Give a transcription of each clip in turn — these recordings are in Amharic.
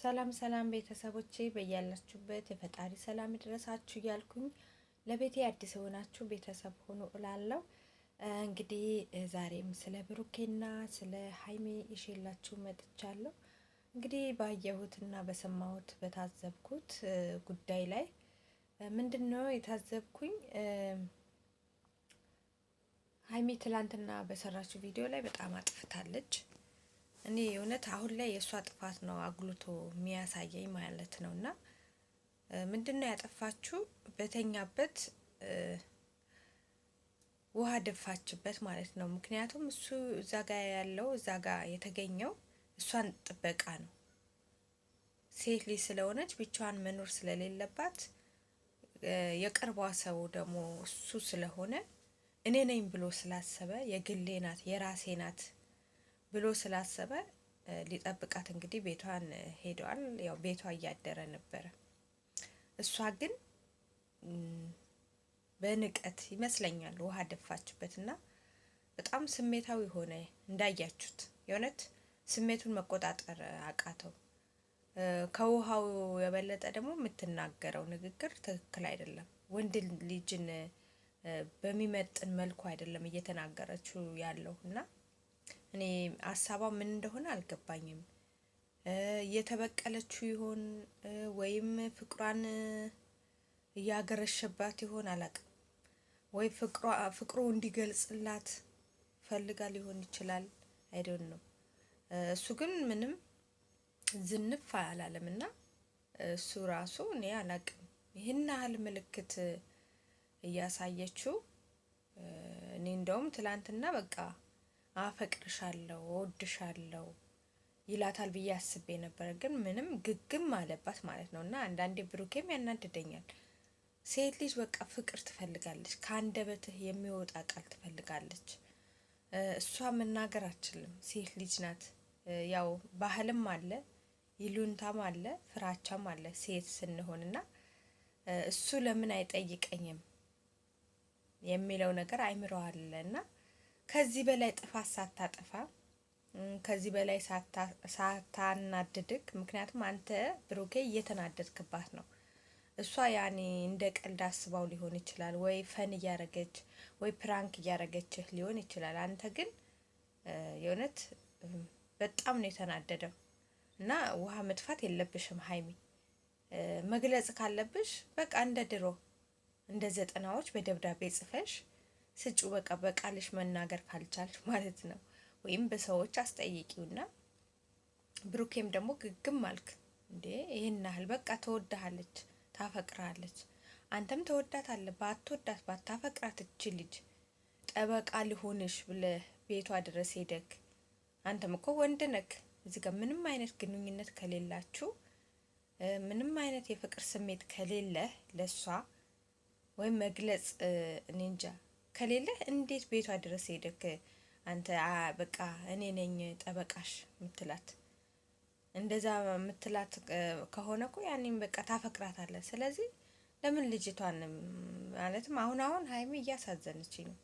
ሰላም ሰላም ቤተሰቦቼ በያላችሁበት የፈጣሪ ሰላም ይድረሳችሁ እያልኩኝ ለቤቴ አዲስ የሆናችሁ ቤተሰብ ሆኑ እላለሁ። እንግዲህ ዛሬም ስለ ብሩኬና ስለ ሀይሜ ይዤላችሁ መጥቻለሁ። እንግዲህ ባየሁትና በሰማሁት በታዘብኩት ጉዳይ ላይ ምንድን ነው የታዘብኩኝ? ሀይሜ ትላንትና በሰራችው ቪዲዮ ላይ በጣም አጥፍታለች። እኔ እውነት አሁን ላይ የእሷ ጥፋት ነው አጉልቶ የሚያሳየኝ ማለት ነው። እና ምንድን ነው ያጠፋችው? በተኛበት ውሃ ደፋችበት ማለት ነው። ምክንያቱም እሱ እዛ ጋ ያለው እዛ ጋ የተገኘው እሷን ጥበቃ ነው። ሴት ልጅ ስለሆነች ብቻዋን መኖር ስለሌለባት የቅርቧ ሰው ደግሞ እሱ ስለሆነ እኔ ነኝ ብሎ ስላሰበ የግሌ ናት የራሴ ናት ብሎ ስላሰበ ሊጠብቃት እንግዲህ ቤቷን ሄደዋል። ያው ቤቷ እያደረ ነበረ። እሷ ግን በንቀት ይመስለኛል ውሃ እና በጣም ስሜታዊ ሆነ። እንዳያችሁት የእውነት ስሜቱን መቆጣጠር አቃተው። ከውሃው የበለጠ ደግሞ የምትናገረው ንግግር ትክክል አይደለም። ወንድ ልጅን በሚመጥን መልኩ አይደለም እየተናገረችው ያለው እና እኔ ሀሳቧ ምን እንደሆነ አልገባኝም። እየተበቀለችው ይሆን ወይም ፍቅሯን እያገረሸባት ይሆን አላቅም ወይ ፍቅሩ እንዲገልጽላት ፈልጋ ሊሆን ይችላል። አይደን ነው እሱ ግን ምንም ዝንፍ አላለም እና እሱ ራሱ እኔ አላቅም ይህን ያህል ምልክት እያሳየችው እኔ እንደውም ትላንትና በቃ ወድሽ ወድሻለሁ ይላታል ብዬ አስቤ ነበረ። ግን ምንም ግግም አለባት ማለት ነው። እና አንዳንዴ ብሩኬም ያናድደኛል። ሴት ልጅ በቃ ፍቅር ትፈልጋለች፣ ከአንደበትህ የሚወጣ ቃል ትፈልጋለች። እሷ መናገር አችልም፣ ሴት ልጅ ናት። ያው ባህልም አለ፣ ይሉንታም አለ፣ ፍራቻም አለ ሴት ስንሆን እና እሱ ለምን አይጠይቀኝም የሚለው ነገር አይምረዋል እና ከዚህ በላይ ጥፋት ሳታጠፋ ከዚህ በላይ ሳታናድድክ። ምክንያቱም አንተ ብሩኬ እየተናደድክባት ነው። እሷ ያኔ እንደ ቀልድ አስባው ሊሆን ይችላል፣ ወይ ፈን እያረገች ወይ ፕራንክ እያረገችህ ሊሆን ይችላል። አንተ ግን የእውነት በጣም ነው የተናደደው እና ውሃ መጥፋት የለብሽም ሀይሚ። መግለጽ ካለብሽ በቃ እንደ ድሮ እንደ ዘጠናዎች በደብዳቤ ጽፈሽ ስጩ በቃ በቃልሽ መናገር ካልቻልሽ ማለት ነው። ወይም በሰዎች አስጠይቂውና ብሩኬም ደግሞ ግግም አልክ እንዴ ይህን ያህል በቃ ተወዳሃለች፣ ታፈቅራለች። አንተም ተወዳት አለ ባትወዳት ባታፈቅራት እች ልጅ ጠበቃ ሊሆንሽ ብለ ቤቷ ድረስ ሄደክ አንተም እኮ ወንድ ነክ እዚህ ጋር ምንም አይነት ግንኙነት ከሌላችሁ ምንም አይነት የፍቅር ስሜት ከሌለ ለሷ ወይም መግለጽ እኔ እንጃ ከሌለ እንዴት ቤቷ ድረስ ሄደክ አንተ በቃ እኔ ነኝ ጠበቃሽ ምትላት እንደዛ ምትላት ከሆነ ኮ ያኔም በቃ ታፈቅራታለህ። ስለዚህ ለምን ልጅቷን ማለትም አሁን አሁን ሀይሚ እያሳዘንች ነው።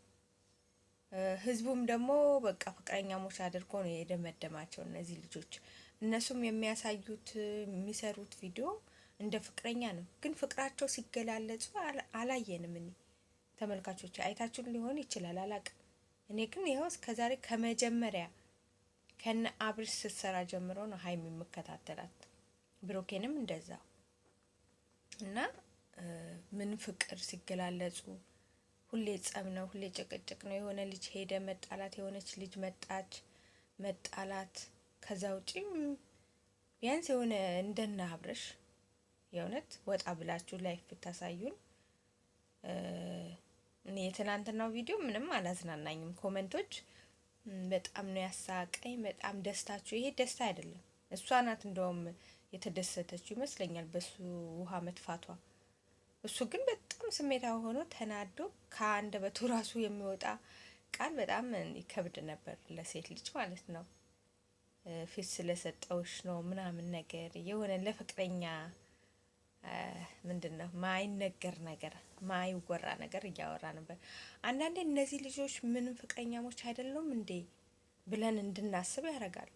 ህዝቡም ደግሞ በቃ ፍቅረኛሞች አድርጎ ነው የደመደማቸው እነዚህ ልጆች። እነሱም የሚያሳዩት የሚሰሩት ቪዲዮ እንደ ፍቅረኛ ነው፣ ግን ፍቅራቸው ሲገላለጹ አላየንም እኔ ተመልካቾች አይታችሁ ሊሆን ይችላል አላቅም። እኔ ግን ይኸው እስከዛሬ ከመጀመሪያ ከነ አብርሽ ስትሰራ ጀምሮ ነው ሀይሚ የምከታተላት ብሮኬንም እንደዛው እና ምን ፍቅር ሲገላለጹ ሁሌ ጸብ ነው፣ ሁሌ ጭቅጭቅ ነው። የሆነ ልጅ ሄደ መጣላት፣ የሆነች ልጅ መጣች መጣላት። ከዛ ውጪ ቢያንስ የሆነ እንደና አብርሽ የእውነት ወጣ ብላችሁ ላይፍ ብታሳዩን የትናንትናው ቪዲዮ ምንም አላዝናናኝም። ኮመንቶች በጣም ነው ያሳቀኝ። በጣም ደስታችሁ ይሄ ደስታ አይደለም። እሷ ናት እንደውም የተደሰተችው ይመስለኛል በሱ ውሃ መጥፋቷ። እሱ ግን በጣም ስሜታዊ ሆኖ ተናዶ በቱ ራሱ የሚወጣ ቃል በጣም ይከብድ ነበር ለሴት ልጅ ማለት ነው። ፊት ስለሰጠውሽ ነው ምናምን ነገር የሆነ ለፍቅረኛ ምንድን ነው ማይነገር ነገር ማይወራ ነገር እያወራ ነበር። አንዳንዴ እነዚህ ልጆች ምንም ፍቅረኛሞች አይደሉም እንዴ ብለን እንድናስብ ያደርጋሉ።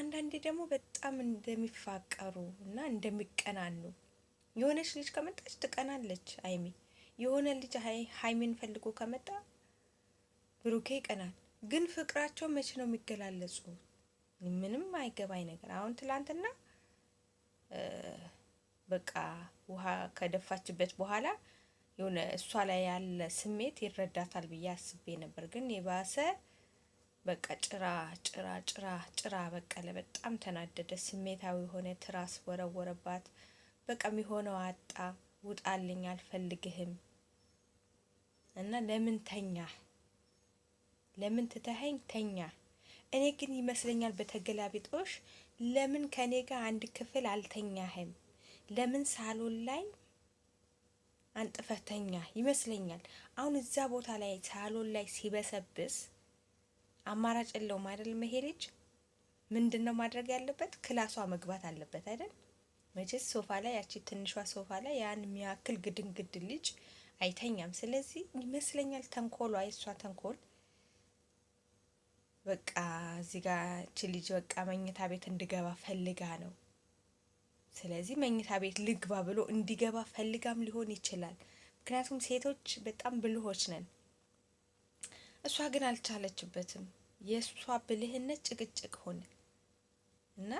አንዳንዴ ደግሞ በጣም እንደሚፋቀሩ እና እንደሚቀናኑ የሆነች ልጅ ከመጣች ትቀናለች ሀይሚ። የሆነ ልጅ ሀይሚን ፈልጎ ከመጣ ብሩኬ ይቀናል። ግን ፍቅራቸው መቼ ነው የሚገላለጹ? ምንም አይገባኝ ነገር አሁን ትላንትና በቃ ውሃ ከደፋችበት በኋላ የሆነ እሷ ላይ ያለ ስሜት ይረዳታል ብዬ አስቤ ነበር። ግን የባሰ በቃ ጭራ ጭራ ጭራ ጭራ በቀለ በጣም ተናደደ። ስሜታዊ የሆነ ትራስ ወረወረባት። በቃ የሚሆነው አጣ። ውጣልኝ፣ አልፈልግህም እና ለምን ተኛ ለምን ትተኸኝ ተኛ። እኔ ግን ይመስለኛል በተገላቢጦሽ ለምን ከኔ ጋር አንድ ክፍል አልተኛህም ለምን ሳሎን ላይ አንጥፈተኛ ይመስለኛል። አሁን እዛ ቦታ ላይ ሳሎን ላይ ሲበሰብስ አማራጭ የለውም አይደል? መሄ ልጅ ምንድን ነው ማድረግ ያለበት? ክላሷ መግባት አለበት አይደል? መቼስ ሶፋ ላይ ያቺ ትንሿ ሶፋ ላይ ያን የሚያክል ግድንግድ ልጅ አይተኛም። ስለዚህ ይመስለኛል ተንኮሏ የእሷ ተንኮል በቃ እዚህ ጋር ልጅ በቃ መኝታ ቤት እንድገባ ፈልጋ ነው። ስለዚህ መኝታ ቤት ልግባ ብሎ እንዲገባ ፈልጋም ሊሆን ይችላል። ምክንያቱም ሴቶች በጣም ብልሆች ነን። እሷ ግን አልቻለችበትም። የእሷ ብልህነት ጭቅጭቅ ሆነ እና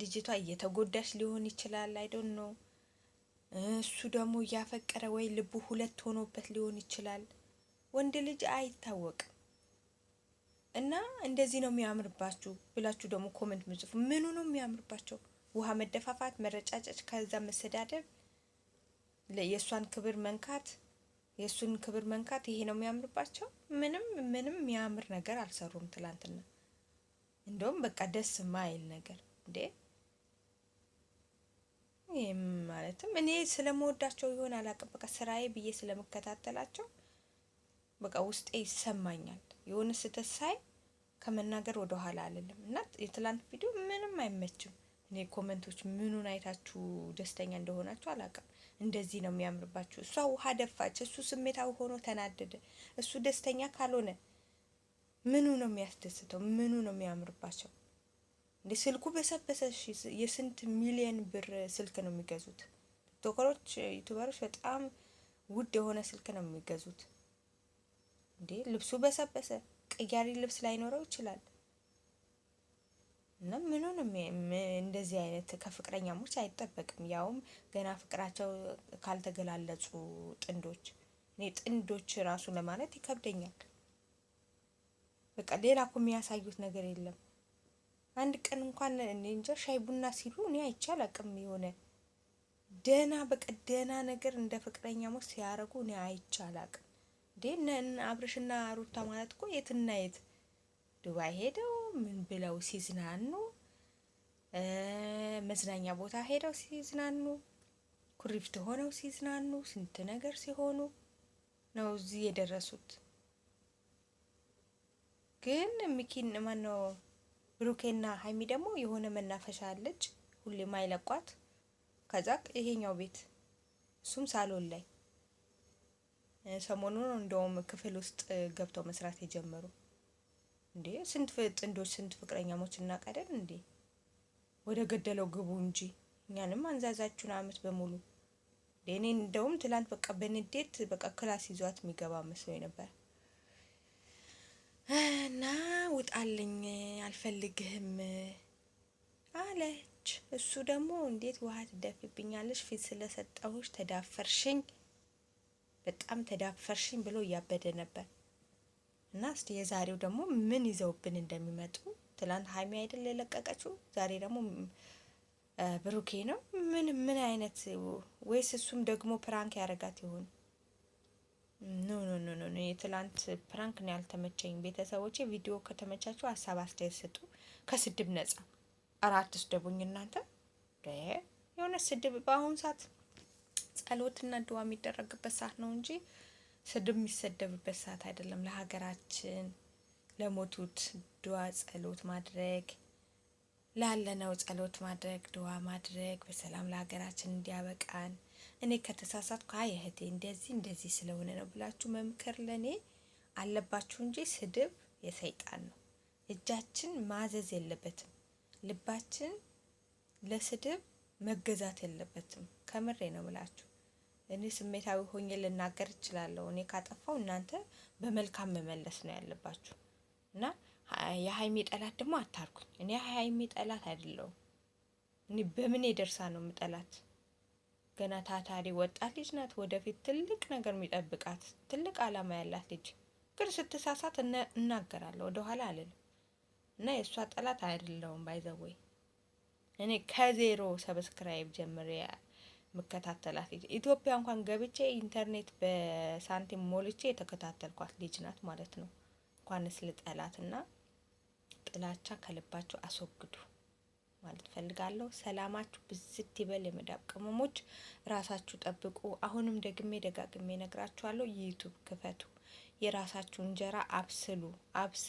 ልጅቷ እየተጎዳች ሊሆን ይችላል። አይዶን ነው እሱ ደግሞ እያፈቀረ ወይ ልቡ ሁለት ሆኖበት ሊሆን ይችላል። ወንድ ልጅ አይታወቅም። እና እንደዚህ ነው የሚያምርባችሁ ብላችሁ ደግሞ ኮመንት ምጽፉ። ምኑ ነው የሚያምርባቸው? ውሃ መደፋፋት፣ መረጫጨጭ፣ ከዛ መሰዳደብ፣ የእሷን ክብር መንካት፣ የእሱን ክብር መንካት፣ ይሄ ነው የሚያምርባቸው። ምንም ምንም የሚያምር ነገር አልሰሩም። ትላንትና እንደውም በቃ ደስ ማይል ነገር እንዴ! ማለትም እኔ ስለመወዳቸው ይሆን አላውቅም። በቃ ስራዬ ብዬ ስለምከታተላቸው በቃ ውስጤ ይሰማኛል። የሆነ ስህተት ሳይ ከመናገር ወደ ኋላ አልልም እና የትላንት ቪዲዮ ምንም አይመችም። እኔ ኮመንቶች ምኑን አይታችሁ ደስተኛ እንደሆናችሁ አላውቅም። እንደዚህ ነው የሚያምርባችሁ። እሷ ውሃ ደፋች፣ እሱ ስሜታዊ ሆኖ ተናደደ፣ እሱ ደስተኛ ካልሆነ ምኑ ነው የሚያስደስተው? ምኑ ነው የሚያምርባቸው? እንደ ስልኩ በሰበሰ የስንት ሚሊየን ብር ስልክ ነው የሚገዙት? ቲክቶከሮች፣ ዩቱበሮች በጣም ውድ የሆነ ስልክ ነው የሚገዙት። እንዴ ልብሱ በሰበሰ፣ ቅያሪ ልብስ ላይኖረው ይችላል። እና ምኑንም እንደዚህ አይነት ከፍቅረኛሞች አይጠበቅም። ያውም ገና ፍቅራቸው ካልተገላለጹ ጥንዶች እኔ ጥንዶች ራሱ ለማለት ይከብደኛል። በቃ ሌላ እኮ የሚያሳዩት ነገር የለም። አንድ ቀን እንኳን እኔ እንጃ ሻይ ቡና ሲሉ እኔ አይቼ አላውቅም። የሆነ ደህና በቃ ደህና ነገር እንደ ፍቅረኛሞች ሲያደርጉ እኔ አይቼ አላውቅም። እንዴ አብርሽና ሩታ ማለት እኮ የትና የት ዱባይ ሄደው ምን ብለው ሲዝናኑ መዝናኛ ቦታ ሄደው ሲዝናኑ ኩሪፍት ሆነው ሲዝናኑ ስንት ነገር ሲሆኑ ነው እዚህ የደረሱት። ግን ሚኪን ማነው ብሩኬና ሀይሚ ደግሞ የሆነ መናፈሻ አለች ሁሌ ማይለቋት ከዛ ይሄኛው ቤት እሱም ሳሎን ላይ ሰሞኑን እንደውም ክፍል ውስጥ ገብተው መስራት የጀመሩ እንዴ ስንት ጥንዶች ስንት ፍቅረኛሞች እናቃደን እንዴ? ወደ ገደለው ግቡ እንጂ እኛንም አንዛዛችሁን አመት በሙሉ እኔ እንደውም ትላንት በቃ በንዴት በቃ ክላስ ይዟት የሚገባ መስሎኝ ነበር። እና ውጣልኝ አልፈልግህም አለች። እሱ ደግሞ እንዴት ውሃ ትደፍብኛለች ፊት ስለሰጠሁሽ ተዳፈርሽኝ፣ በጣም ተዳፈርሽኝ ብሎ እያበደ ነበር። እና እስቲ የዛሬው ደግሞ ምን ይዘውብን እንደሚመጡ ትላንት ሀይሚ አይደል የለቀቀችው፣ ዛሬ ደግሞ ብሩኬ ነው። ምን ምን አይነት ወይስ እሱም ደግሞ ፕራንክ ያደረጋት ይሆን? ኖ ኖ ኖ ኖ የትላንት ፕራንክ ነው ያልተመቸኝ። ቤተሰቦቼ ቪዲዮ ከተመቻችሁ ሀሳብ አስተያየት ስጡ፣ ከስድብ ነጻ። አራት ስደቡኝ እናንተ የሆነ ስድብ በአሁኑ ሰዓት ጸሎትና ድዋ የሚደረግበት ሰዓት ነው እንጂ ስድብ የሚሰደብበት ሰዓት አይደለም። ለሀገራችን ለሞቱት ድዋ ጸሎት ማድረግ ላለነው ጸሎት ማድረግ ድዋ ማድረግ በሰላም ለሀገራችን እንዲያበቃን። እኔ ከተሳሳትኩ አይ እህቴ እንደዚህ እንደዚህ ስለሆነ ነው ብላችሁ መምከር ለእኔ አለባችሁ እንጂ ስድብ የሰይጣን ነው። እጃችን ማዘዝ የለበትም። ልባችን ለስድብ መገዛት የለበትም። ከምሬ ነው ብላችሁ እኔ ስሜታዊ ሆኜ ልናገር እችላለሁ። እኔ ካጠፋው እናንተ በመልካም መመለስ ነው ያለባችሁ። እና የሀይሚ ጠላት ደግሞ አታርጉኝ። እኔ ሀይሚ ጠላት አይደለሁም። እኔ በምን የደርሳ ነው የምጠላት? ገና ታታሪ ወጣት ልጅ ናት። ወደፊት ትልቅ ነገር የሚጠብቃት ትልቅ ዓላማ ያላት ልጅ ግን ስትሳሳት እናገራለሁ፣ ወደኋላ አልልም። እና የእሷ ጠላት አይደለሁም። ባይዘወይ እኔ ከዜሮ ሰብስክራይብ ጀምሬ ምከታተላት ኢትዮጵያ እንኳን ገብቼ ኢንተርኔት በሳንቲም ሞልቼ የተከታተልኳት ልጅ ናት ማለት ነው። እንኳንስ ልጠላት እና ጥላቻ ከልባችሁ አስወግዱ ማለት ፈልጋለሁ። ሰላማችሁ ብዝት ይበል። የመዳብ ቅመሞች ራሳችሁ ጠብቁ። አሁንም ደግሜ ደጋግሜ ነግራችኋለሁ። ዩቱብ ክፈቱ፣ የራሳችሁ እንጀራ አብስሉ አብስ